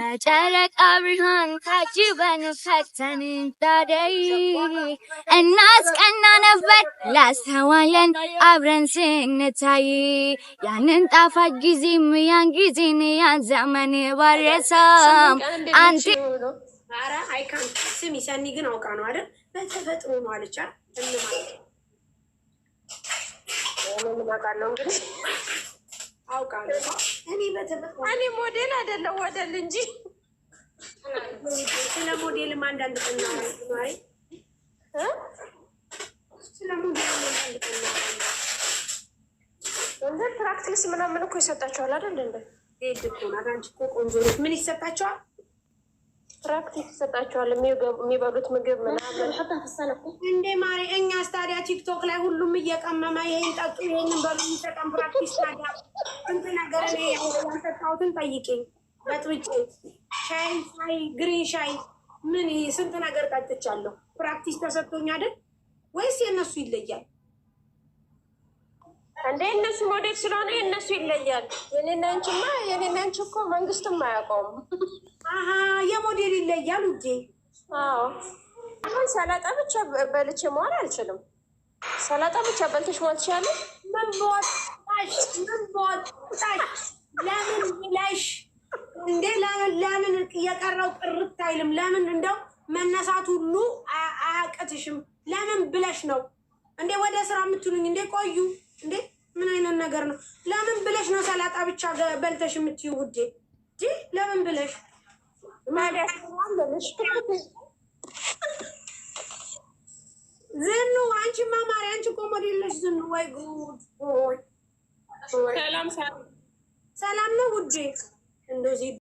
በጨረቃ ብርሃን ታጅበን በንፈተን ታደይ እናስቀና ነበር ላስተዋለን አብረን ስንታይ ያንን ጣፋጭ ጊዜም ያን ጊዜን ያን ዘመን ባረሳም አንቺ ኧረ አይካን ስሚ ሰኒ ግን አውቃ ነው አይደል? በተፈጥሮ ነው አለች እንግዲህ አውቃ እኔ ሞዴል አይደለሁ ወደል እንጂ ስለ ሞዴልም አንዳንድ ቀና ስለ ሞዴል አንዳንድ ቀና እንደ ፕራክቲስ ምናምን እኮ ይሰጣቸዋል አይደል? እንደ አንቺ እኮ ቆንጆ ነሽ። ምን ይሰጣቸዋል? ፕራክቲስ ይሰጣቸዋል። የሚበሉት ምግብ ምናምን እንዴ ማሪ። እኛስ ታዲያ ቲክቶክ ላይ ሁሉም እየቀመመ ይሄን ጠጡ፣ ይሄንን በሉ የሚሰጠን ፕራክቲስ ታዲያ እኔ ያልጠጣሁትን ጠይቂኝ። በጥብጬ ሻይ ሻይ ግሪን ሻይ ምን ይሄ ስንት ነገር ጠጥቻለሁ። ፕራክቲስ ተሰጥቶኝ አይደል ወይስ የእነሱ ይለያል እንዴ? እነሱ ሞዴል ስለሆነ የእነሱ ይለያል። የኔና አንቺማ የኔና አንቺ እኮ መንግስትም አያውቀውም። አሀ የሞዴል ይለያል ውዴ። አሁን ሰላጣ ብቻ በልቼ መዋል አልችልም። ሰላጣ ብቻ በልተሽ መዋል ትችያለሽ። ምን ቦት ምን ቦት እንዴ ለምን የቀረው ቅርት አይልም? ለምን እንደው መነሳት ሁሉ አያቅትሽም? ለምን ብለሽ ነው እንዴ ወደ ስራ የምትሉኝ? እንዴ ቆዩ እንዴ ምን አይነት ነገር ነው? ለምን ብለሽ ነው ሰላጣ ብቻ በልተሽ የምትዩ ውዴ? እ ለምን ብለሽ ዝኑ አንቺ ማማሪ አንቺ ኮሞድ የለሽ ዝኑ። ወይ ጉድ! ሰላም ነው ውዴ እንደዚህ